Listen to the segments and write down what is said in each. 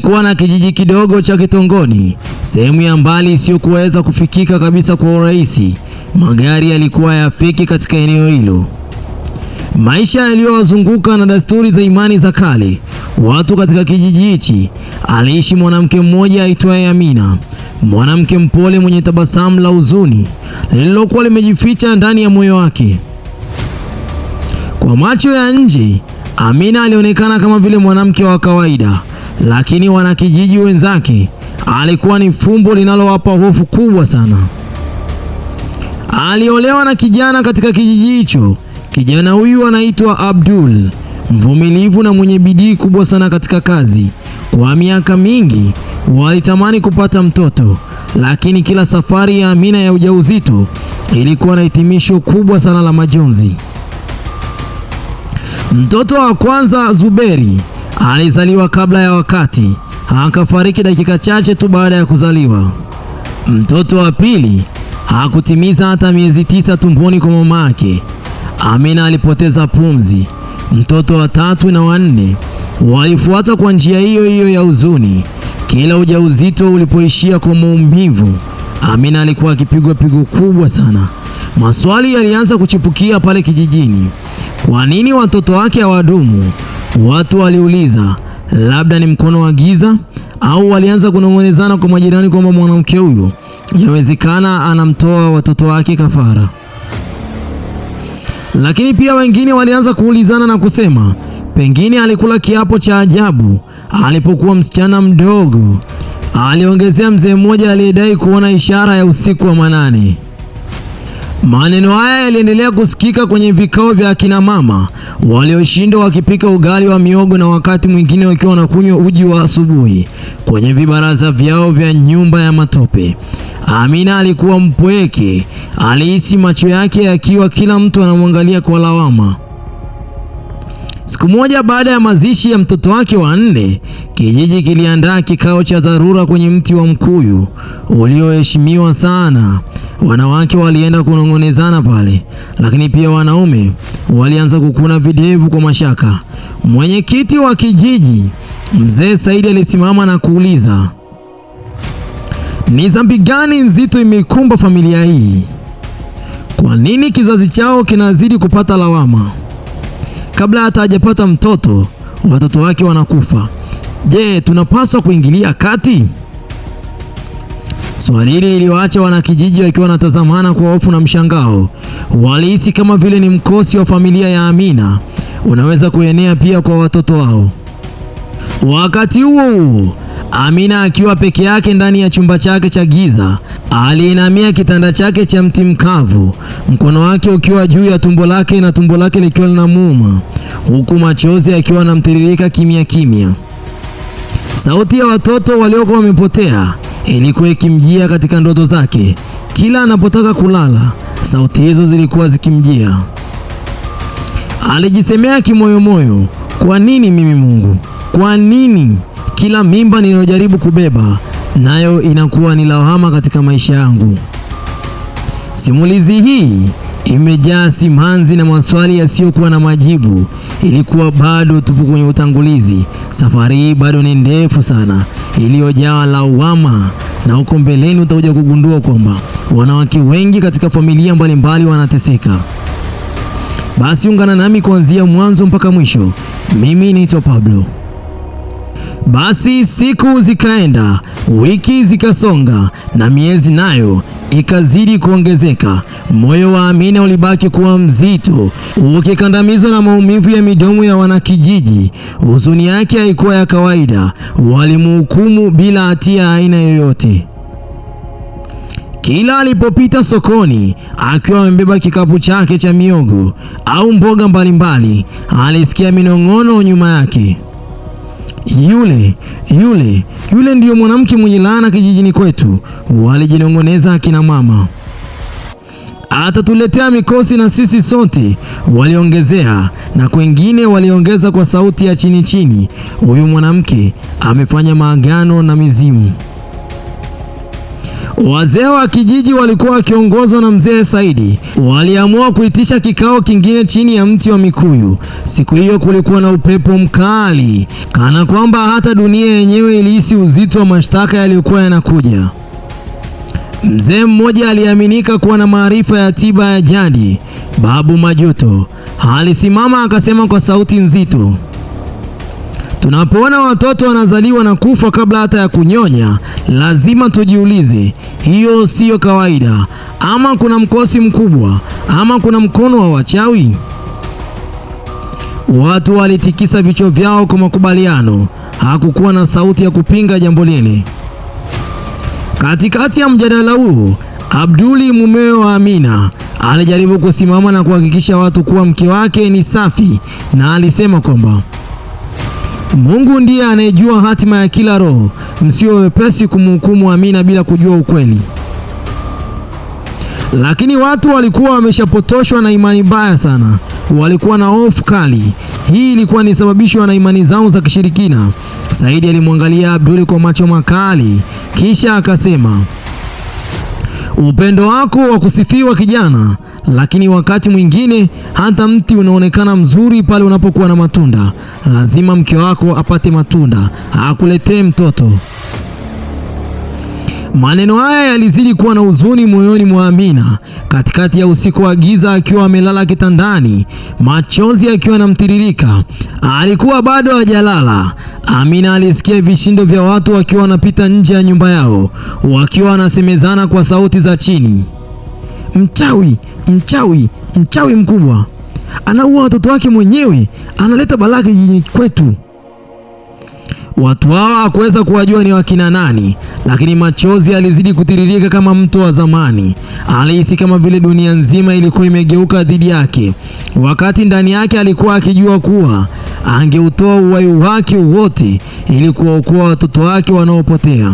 Kulikuwa na kijiji kidogo cha Kitongoni, sehemu ya mbali isiyokuweza kufikika kabisa kwa urahisi. Magari yalikuwa yafiki katika eneo hilo. Maisha yaliyowazunguka na desturi za imani za kale. Watu katika kijiji hichi, aliishi mwanamke mmoja aitwaye Amina, mwanamke mpole mwenye tabasamu la huzuni lililokuwa limejificha ndani ya moyo wake. Kwa macho ya nje, Amina alionekana kama vile mwanamke wa kawaida lakini wanakijiji wenzake alikuwa ni fumbo linalowapa hofu kubwa sana. Aliolewa na kijana katika kijiji hicho. Kijana huyu anaitwa Abdul, mvumilivu na mwenye bidii kubwa sana katika kazi. Kwa miaka mingi walitamani kupata mtoto, lakini kila safari ya Amina ya ujauzito ilikuwa na hitimisho kubwa sana la majonzi. Mtoto wa kwanza Zuberi Alizaliwa kabla ya wakati, akafariki dakika chache tu baada ya kuzaliwa. Mtoto wa pili hakutimiza hata miezi tisa tumboni kwa mama yake. Amina alipoteza pumzi. Mtoto wa tatu na wanne walifuata kwa njia hiyo hiyo ya huzuni. Kila ujauzito ulipoishia kwa maumivu, Amina alikuwa akipigwa pigo kubwa sana. Maswali yalianza kuchipukia pale kijijini. Kwa nini watoto wake hawadumu? Watu waliuliza labda ni mkono wa giza, au walianza kunong'onezana kwa majirani kwamba mwanamke huyu yawezekana anamtoa watoto wake kafara. Lakini pia wengine walianza kuulizana na kusema pengine alikula kiapo cha ajabu alipokuwa msichana mdogo, aliongezea mzee mmoja aliyedai kuona ishara ya usiku wa manane. Maneno haya yaliendelea kusikika kwenye vikao vya akina mama walioshindwa wakipika ugali wa miogo na wakati mwingine wakiwa wanakunywa uji wa asubuhi kwenye vibaraza vyao vya nyumba ya matope. Amina alikuwa mpweke, alihisi macho yake yakiwa kila mtu anamwangalia kwa lawama. Siku moja baada ya mazishi ya mtoto wake wa nne, kijiji kiliandaa kikao cha dharura kwenye mti wa mkuyu ulioheshimiwa sana. Wanawake walienda kunong'onezana pale, lakini pia wanaume walianza kukuna videvu kwa mashaka. Mwenyekiti wa kijiji Mzee Saidi alisimama na kuuliza, ni dhambi gani nzito imekumba familia hii? Kwa nini kizazi chao kinazidi kupata lawama? kabla hata hajapata mtoto watoto wake wanakufa. Je, tunapaswa kuingilia kati? Swali hili liliwaacha wanakijiji wakiwa wanatazamana kwa hofu na mshangao. Walihisi kama vile ni mkosi wa familia ya Amina unaweza kuenea pia kwa watoto wao. Wakati huo huo Amina akiwa peke yake ndani ya chumba chake cha giza, aliinamia kitanda chake cha mti mkavu, mkono wake ukiwa juu ya tumbo lake na tumbo lake likiwa linamuuma, huku machozi akiwa anamtiririka kimya kimya. Sauti ya watoto waliokuwa wamepotea ilikuwa ikimjia katika ndoto zake. Kila anapotaka kulala, sauti hizo zilikuwa zikimjia. Alijisemea kimoyomoyo, kwa nini mimi Mungu? Kwa nini? Kila mimba ninayojaribu kubeba nayo inakuwa ni lawama katika maisha yangu. Simulizi hii imejaa simanzi na maswali yasiyokuwa na majibu. Ilikuwa bado tupo kwenye utangulizi. Safari hii bado ni ndefu sana, iliyojaa lawama, na huko mbeleni utakuja kugundua kwamba wanawake wengi katika familia mbalimbali wanateseka. Basi ungana nami kuanzia mwanzo mpaka mwisho. Mimi naitwa Pablo. Basi siku zikaenda, wiki zikasonga, na miezi nayo ikazidi kuongezeka. Moyo wa Amina ulibaki kuwa mzito, ukikandamizwa na maumivu ya midomo ya wanakijiji. Huzuni yake haikuwa ya kawaida, walimhukumu bila hatia aina yoyote. Kila alipopita sokoni akiwa amebeba kikapu chake cha miogo au mboga mbalimbali, alisikia minong'ono nyuma yake yule yule yule ndiyo mwanamke mwenye laana kijijini kwetu, walijinong'oneza akina mama. Atatuletea mikosi na sisi sote, waliongezea, na kwengine waliongeza kwa sauti ya chini chini, huyu mwanamke amefanya maagano na mizimu. Wazee wa kijiji walikuwa wakiongozwa na mzee Saidi, waliamua kuitisha kikao kingine chini ya mti wa mikuyu. Siku hiyo kulikuwa na upepo mkali, kana kwamba hata dunia yenyewe ilihisi uzito wa mashtaka yaliyokuwa yanakuja. Mzee mmoja aliaminika kuwa na maarifa ya tiba ya jadi, Babu Majuto, alisimama akasema kwa sauti nzito Tunapoona watoto wanazaliwa na kufa kabla hata ya kunyonya, lazima tujiulize, hiyo siyo kawaida. Ama kuna mkosi mkubwa, ama kuna mkono wa wachawi. Watu walitikisa vichwa vyao kwa makubaliano. Hakukuwa na sauti ya kupinga jambo lile. Katikati ya mjadala huo, Abduli mumewe wa Amina alijaribu kusimama na kuhakikisha watu kuwa mke wake ni safi, na alisema kwamba Mungu ndiye anayejua hatima ya kila roho, Msio wepesi kumhukumu Amina bila kujua ukweli. Lakini watu walikuwa wameshapotoshwa na imani mbaya sana, walikuwa na hofu kali. Hii ilikuwa ni sababishwa na imani zao za kishirikina. Saidi alimwangalia Abduli kwa macho makali, kisha akasema Upendo wako wa kusifiwa kijana, lakini wakati mwingine hata mti unaonekana mzuri pale unapokuwa na matunda. Lazima mke wako apate matunda, akuletee mtoto. Maneno haya yalizidi kuwa na huzuni moyoni mwa Amina. Katikati ya usiku wa giza, akiwa amelala kitandani, machozi akiwa yanamtiririka, alikuwa bado hajalala. Amina alisikia vishindo vya watu wakiwa wanapita nje ya nyumba yao wakiwa wanasemezana kwa sauti za chini, mchawi, mchawi, mchawi mkubwa anaua watoto wake mwenyewe, analeta balaa kijijini kwetu. Watu hawa hakuweza kuwajua ni wakina nani, lakini machozi alizidi kutiririka kama mto wa zamani. Alihisi kama vile dunia nzima ilikuwa imegeuka dhidi yake, wakati ndani yake alikuwa akijua kuwa angeutoa uhai wake wote ili kuwaokoa watoto wake wanaopotea.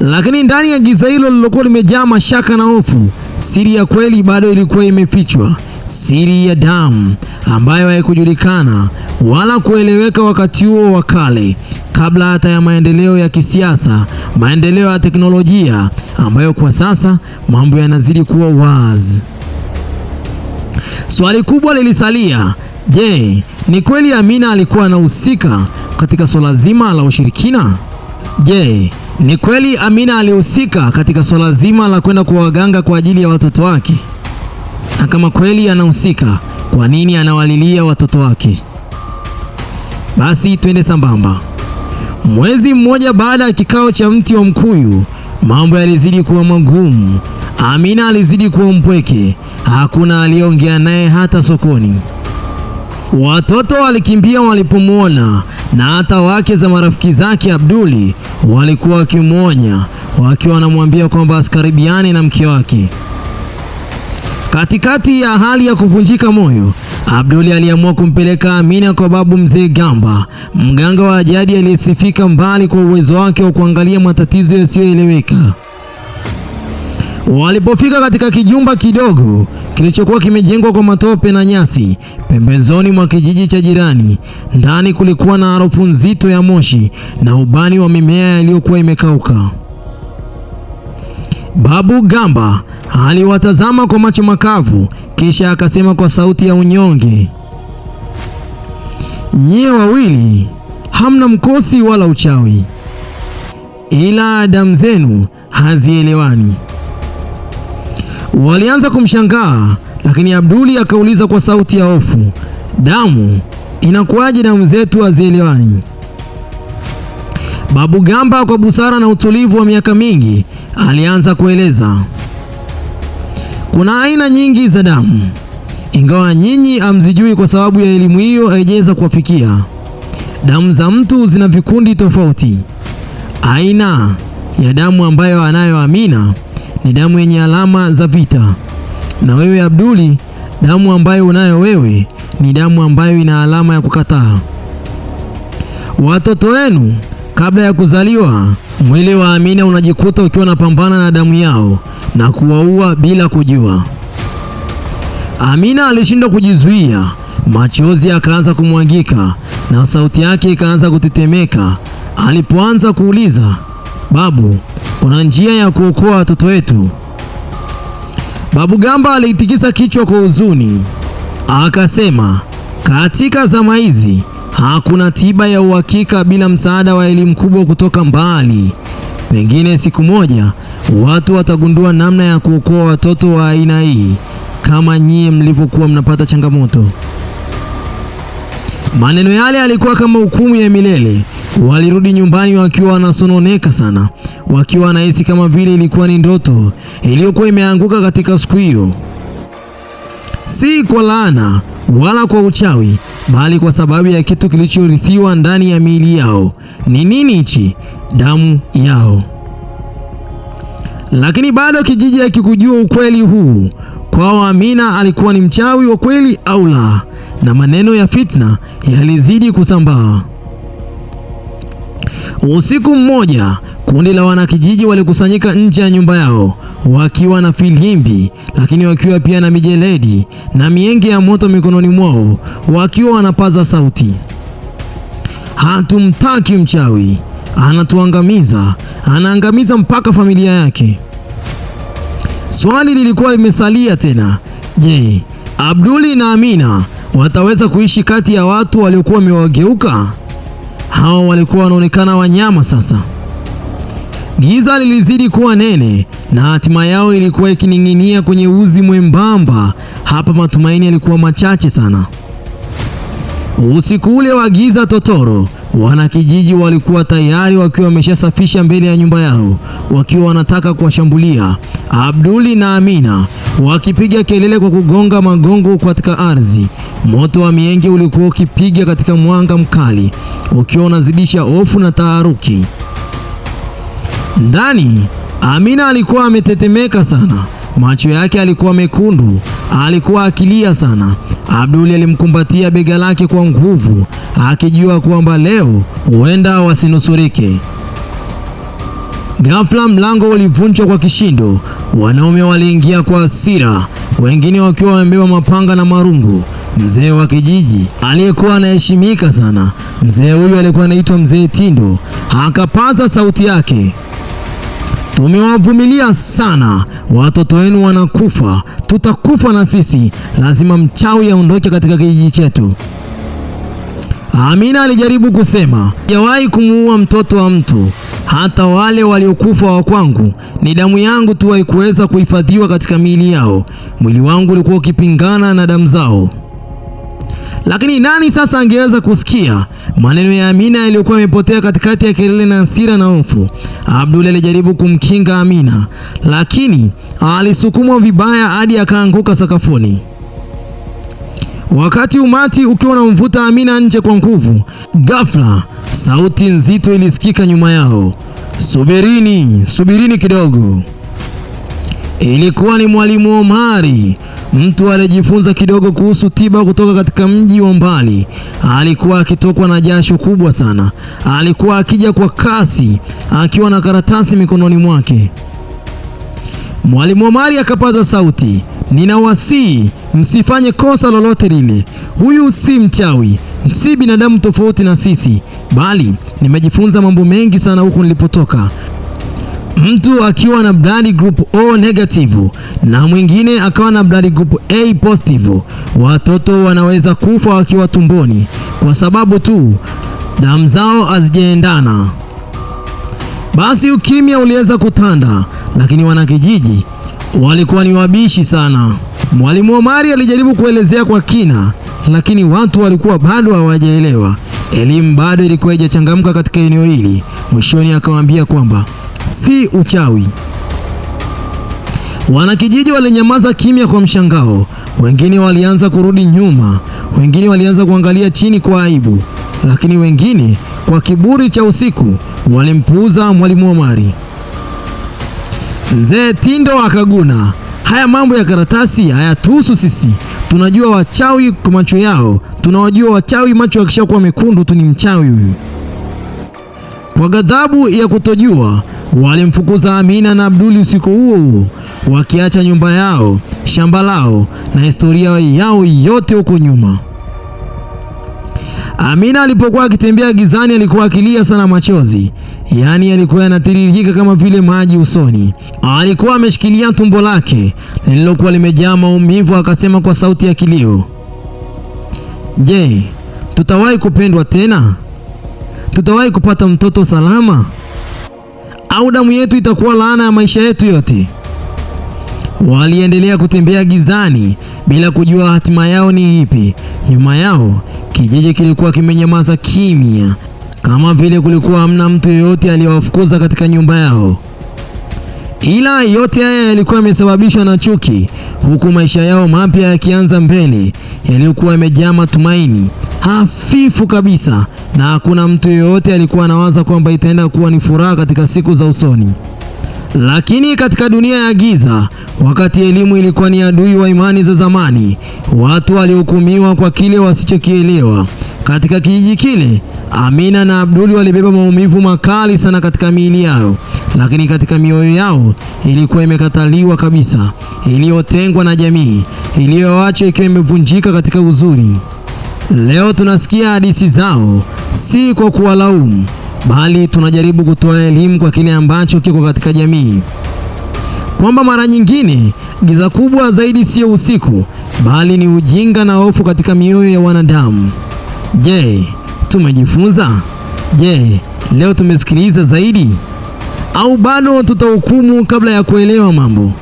Lakini ndani ya giza hilo lilokuwa limejaa mashaka na hofu, siri ya kweli bado ilikuwa imefichwa siri ya damu ambayo haikujulikana wala kueleweka wakati huo wa kale, kabla hata ya maendeleo ya kisiasa, maendeleo ya teknolojia ambayo kwa sasa mambo yanazidi kuwa wazi. Swali kubwa lilisalia, je, ni kweli Amina alikuwa anahusika katika swala zima la ushirikina? Je, ni kweli Amina alihusika katika swala zima la kwenda kuwaganga kwa ajili ya watoto wake? na kama kweli anahusika, kwa nini anawalilia watoto wake? Basi twende sambamba. Mwezi mmoja baada ya kikao cha mti wa mkuyu, mambo yalizidi kuwa magumu. Amina alizidi kuwa mpweke, hakuna aliyeongea naye hata sokoni. Watoto walikimbia walipomwona, na hata wake za marafiki zake Abduli walikuwa wakimwonya, wakiwa wanamwambia kwamba asikaribiane na mke wake. Katikati ya hali ya kuvunjika moyo, Abduli aliamua kumpeleka Amina kwa babu mzee Gamba, mganga wa ajadi aliyesifika mbali kwa uwezo wake wa kuangalia matatizo yasiyoeleweka. Walipofika katika kijumba kidogo kilichokuwa kimejengwa kwa matope na nyasi pembezoni mwa kijiji cha jirani, ndani kulikuwa na harufu nzito ya moshi na ubani wa mimea iliyokuwa imekauka. Babu Gamba aliwatazama kwa macho makavu, kisha akasema kwa sauti ya unyonge, nyie wawili hamna mkosi wala uchawi, ila damu zenu hazielewani. Walianza kumshangaa, lakini Abduli akauliza kwa sauti ya hofu, damu inakuwaje? Damu zetu hazielewani? Babu Gamba kwa busara na utulivu wa miaka mingi alianza kueleza, kuna aina nyingi za damu, ingawa nyinyi hamzijui kwa sababu ya elimu hiyo haijaweza kuwafikia. Damu za mtu zina vikundi tofauti. Aina ya damu ambayo anayo Amina ni damu yenye alama za vita, na wewe Abduli, damu ambayo unayo wewe ni damu ambayo ina alama ya kukataa. Watoto wenu kabla ya kuzaliwa Mwili wa Amina unajikuta ukiwa unapambana na damu yao na kuwaua bila kujua. Amina alishindwa kujizuia, machozi akaanza kumwangika na sauti yake ikaanza kutetemeka alipoanza kuuliza, Babu, kuna njia ya kuokoa watoto wetu? Babu Gamba alitikisa kichwa kwa huzuni akasema, katika zama hizi Hakuna tiba ya uhakika bila msaada wa elimu kubwa kutoka mbali. Pengine siku moja watu watagundua namna ya kuokoa watoto wa aina hii kama nyie mlivyokuwa mnapata changamoto. Maneno yale yalikuwa kama hukumu ya milele. Walirudi nyumbani wakiwa wanasononeka sana, wakiwa wanahisi kama vile ilikuwa ni ndoto iliyokuwa imeanguka katika siku hiyo, si kwa laana wala kwa uchawi, bali kwa sababu ya kitu kilichorithiwa ndani ya miili yao. Ni nini hichi? Damu yao. Lakini bado kijiji hakikujua ukweli huu, kwao Amina alikuwa ni mchawi wa kweli au la, na maneno ya fitna yalizidi kusambaa. Usiku mmoja Kundi la wanakijiji walikusanyika nje ya nyumba yao wakiwa na filimbi, lakini wakiwa pia na mijeledi na mienge ya moto mikononi mwao, wakiwa wanapaza sauti, hatumtaki mchawi, anatuangamiza, anaangamiza mpaka familia yake. Swali lilikuwa limesalia tena, je, Abduli na Amina wataweza kuishi kati ya watu waliokuwa wamewageuka? Hawa walikuwa wanaonekana wanyama sasa. Giza lilizidi kuwa nene na hatima yao ilikuwa ikining'inia kwenye uzi mwembamba. Hapa matumaini yalikuwa machache sana. Usiku ule wa giza totoro, wanakijiji walikuwa tayari wakiwa wameshasafisha mbele ya nyumba yao, wakiwa wanataka kuwashambulia Abduli na Amina, wakipiga kelele kwa kugonga magongo katika ardhi. Moto wa mienge ulikuwa ukipiga katika mwanga mkali, ukiwa unazidisha hofu na taharuki. Ndani Amina alikuwa ametetemeka sana, macho yake alikuwa mekundu, alikuwa akilia sana. Abduli alimkumbatia bega lake kwa nguvu, akijua kwamba leo huenda wasinusurike. Ghafla mlango ulivunjwa kwa kishindo. Wanaume waliingia kwa hasira, wengine wakiwa wamebeba mapanga na marungu. Mzee wa kijiji aliyekuwa anaheshimika sana, mzee huyu alikuwa anaitwa Mzee Tindo, akapaza sauti yake tumewavumilia sana, watoto wenu wanakufa, tutakufa na sisi. Lazima mchawi aondoke katika kijiji chetu. Amina alijaribu kusema, sijawahi kumuua mtoto wa mtu, hata wale waliokufa wa kwangu. Ni damu yangu tu haikuweza kuhifadhiwa katika miili yao. Mwili wangu ulikuwa ukipingana na damu zao. Lakini nani sasa angeweza kusikia maneno ya Amina yaliyokuwa yamepotea katikati ya kelele na hasira na hofu? Abdul alijaribu kumkinga Amina, lakini alisukumwa vibaya hadi akaanguka sakafuni. Wakati umati ukiwa unamvuta Amina nje kwa nguvu, ghafla sauti nzito ilisikika nyuma yao, subirini, subirini kidogo. Ilikuwa ni mwalimu Omari, mtu aliyejifunza kidogo kuhusu tiba kutoka katika mji wa mbali. Alikuwa akitokwa na jasho kubwa sana, alikuwa akija kwa kasi akiwa na karatasi mikononi mwake. Mwalimu Omari akapaza sauti, ninawasihi msifanye kosa lolote lile. Huyu si mchawi, si binadamu tofauti na sisi, bali nimejifunza mambo mengi sana huku nilipotoka mtu akiwa na blood group O negative na mwingine akawa na blood group A positive, watoto wanaweza kufa wakiwa tumboni kwa sababu tu damu zao hazijaendana. Basi ukimya uliweza kutanda, lakini wanakijiji walikuwa ni wabishi sana. Mwalimu Omari alijaribu kuelezea kwa kina, lakini watu walikuwa bado hawajaelewa. Elimu bado ilikuwa haijachangamka katika eneo hili. Mwishoni akawaambia kwamba si uchawi. Wanakijiji walinyamaza kimya kwa mshangao, wengine walianza kurudi nyuma, wengine walianza kuangalia chini kwa aibu, lakini wengine kwa kiburi cha usiku walimpuuza mwalimu Omari. Mzee Tindo akaguna, haya mambo ya karatasi hayatuhusu sisi. Tunajua wachawi kwa macho yao, tunawajua wachawi. Macho yakishakuwa mekundu tu ni mchawi huyu. Kwa ghadhabu ya kutojua, Walimfukuza Amina na Abduli usiku huo huo, wakiacha nyumba yao, shamba lao na historia yao yote huko nyuma. Amina alipokuwa akitembea gizani alikuwa akilia sana machozi, yaani alikuwa yanatiririka kama vile maji usoni. Alikuwa ameshikilia tumbo lake lililokuwa limejaa maumivu, akasema kwa sauti ya kilio, Je, tutawahi kupendwa tena? Tutawahi kupata mtoto salama? au damu yetu itakuwa laana ya maisha yetu yote. Waliendelea kutembea gizani bila kujua hatima yao ni ipi. Nyuma yao kijiji kilikuwa kimenyamaza kimya, kama vile kulikuwa hamna mtu yeyote aliyewafukuza katika nyumba yao. Ila yote haya yalikuwa yamesababishwa na chuki, huku maisha yao mapya yakianza mbele, yaliyokuwa yamejaa matumaini hafifu kabisa na hakuna mtu yeyote alikuwa anawaza kwamba itaenda kuwa ni furaha katika siku za usoni. Lakini katika dunia ya giza, wakati elimu ilikuwa ni adui wa imani za zamani, watu walihukumiwa kwa kile wasichokielewa. Katika kijiji kile, Amina na Abduli walibeba maumivu makali sana katika miili yao, lakini katika mioyo yao ilikuwa imekataliwa kabisa, iliyotengwa na jamii, iliyoachwa ikiwa imevunjika katika uzuri. Leo tunasikia hadithi zao si kwa kuwalaumu, bali tunajaribu kutoa elimu kwa kile ambacho kiko katika jamii, kwamba mara nyingine giza kubwa zaidi sio usiku, bali ni ujinga na hofu katika mioyo ya wanadamu. Je, tumejifunza? Je, leo tumesikiliza zaidi au bado tutahukumu kabla ya kuelewa mambo?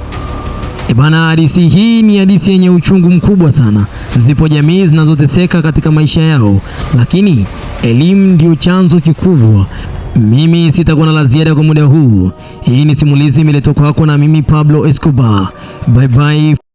ibana e hadisi hadithi hii ni hadithi yenye uchungu mkubwa sana. Zipo jamii zinazoteseka katika maisha yao, lakini Elimu ndiyo chanzo kikubwa. Mimi sitakuwa na la ziada kwa muda huu. Hii ni simulizi imeletwa kwako na mimi Pablo Escobar. Bye bye.